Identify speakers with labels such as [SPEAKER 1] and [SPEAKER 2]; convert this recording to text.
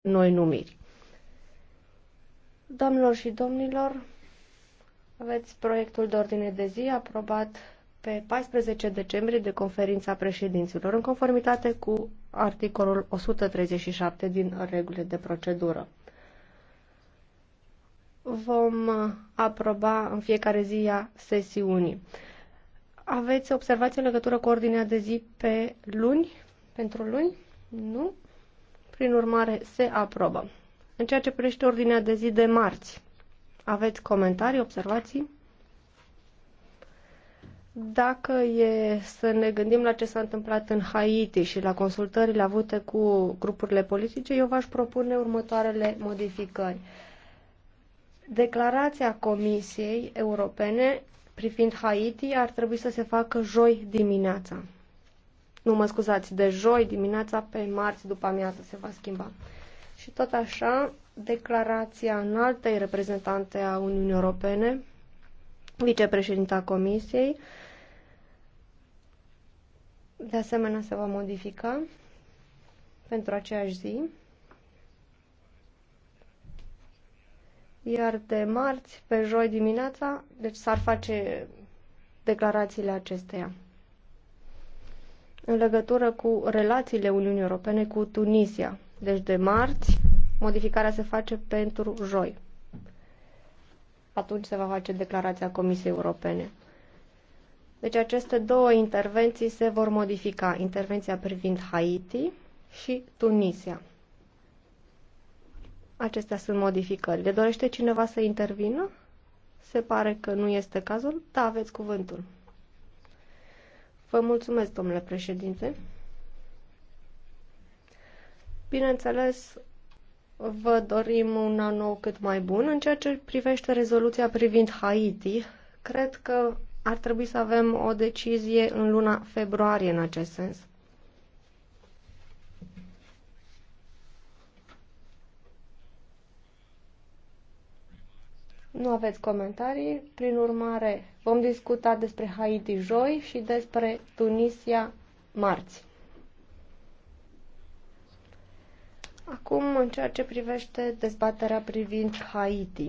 [SPEAKER 1] noi numiri. Domnilor și domnilor, aveți proiectul de ordine de zi aprobat pe 14 decembrie de conferința președinților, în conformitate cu articolul 137 din regulile de procedură. Vom aproba în fiecare zi a sesiunii. Aveți observații în legătură cu ordinea de zi pe luni? Pentru luni? Nu? Prin urmare, se aprobă. În ceea ce privește ordinea de zi de marți, aveți comentarii, observații? Dacă e să ne gândim la ce s-a întâmplat în Haiti și la consultările avute cu grupurile politice, eu v-aș propune următoarele modificări. Declarația Comisiei Europene privind Haiti ar trebui să se facă joi dimineața nu mă scuzați, de joi dimineața pe marți după amiază se va schimba. Și tot așa, declarația înaltei reprezentante a Uniunii Europene, vicepreședinta Comisiei, de asemenea se va modifica pentru aceeași zi. Iar de marți, pe joi dimineața, deci s-ar face declarațiile acesteia în legătură cu relațiile Uniunii Europene cu Tunisia. Deci de marți, modificarea se face pentru joi. Atunci se va face declarația Comisiei Europene. Deci aceste două intervenții se vor modifica. Intervenția privind Haiti și Tunisia. Acestea sunt modificări. Le dorește cineva să intervină? Se pare că nu este cazul. Da, aveți cuvântul. Vă mulțumesc, domnule președinte. Bineînțeles, vă dorim un an nou cât mai bun. În ceea ce privește rezoluția privind Haiti, cred că ar trebui să avem o decizie în luna februarie în acest sens. Nu aveți comentarii, prin urmare vom discuta despre Haiti joi și despre Tunisia marți. Acum, în ceea ce privește dezbaterea privind Haiti,